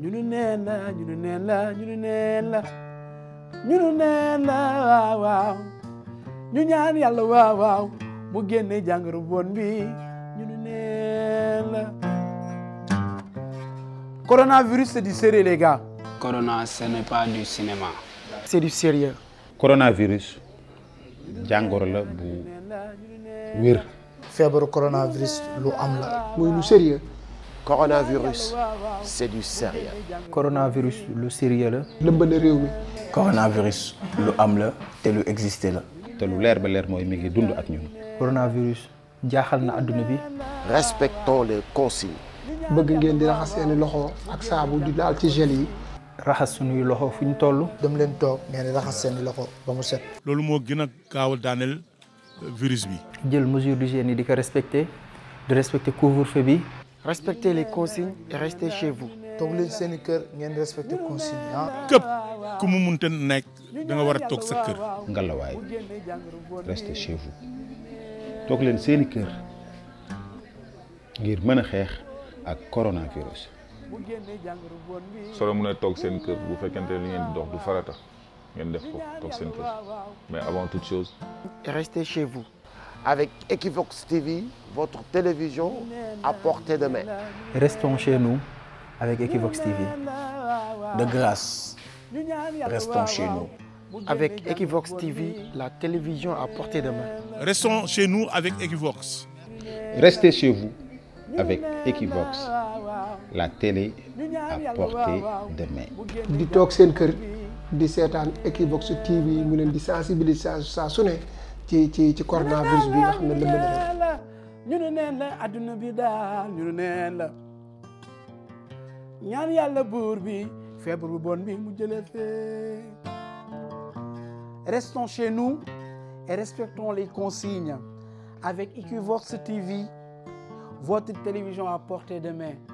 ñunu neen la ñunu neen la ñunu neen la ñunu neen la waaw waaw ñu ñaan yàlla waaw waaw mu génne jàngoro bon bi ñunu neen la coronavirus c'est du sérieux les gars corona ce du cinéma c'est du sérieux coronavirus jàngoro la bu wér feebaru coronavirus lu am la muy lu sérieux coronavirus c'est du sérieux coronavirus lu sérieux la lëmba na réew mi coronavirus lu am la te lu existé la te lu leer ba leer mooy mi ngi dund ak ñun coronavirus jaaxal na adduna bi respectons les consignes bëgg ngeen di raxas seeni loxo ak saabu di laal ci gel yi raxas suñuy loxo fu ñu toll dem leen toog ngeen raxas seeni loxo ba mu set loolu moo gën a gaaw a daaneel virus bi jël mesure d'hygiène yi di ko respecter du respecter couvre-feu bi Respectez les consignes et restez chez vous. toog leen seen kër ngeen respecté consignes ah. képp ku mu nekk danga war a toog sa kër. ngalawaay restez chez vous toog leen seen i kër ngir mën a xeex ak coronavirus. solo mun a toog seen kër bu fekkente li ngeen di dox du farata ngeen def ko toog seen kër mais avant toute chose. restez chez vous. avec Equivox TV, votre télévision à portée de main. Restons chez nous avec Equivox TV. De grâce, restons chez nous. Avec Equivox TV, la télévision à portée de main. Restons chez nous avec Equivox. Restez chez vous avec Equivox, la télé à portée de di toog seen kër di seetaan Equivox TV mu leen di sensibiliser saa su ne. ci ci ci coronavirus bi nga xam ne lëmb na ñu ne neen la adduna bi daal ñu ne neen la ñaan yàlla buur bi feebar bu bon bi mu jëlee fee restons chez nous et respectons les consignes avec Equivox TV votre télévision à portée de main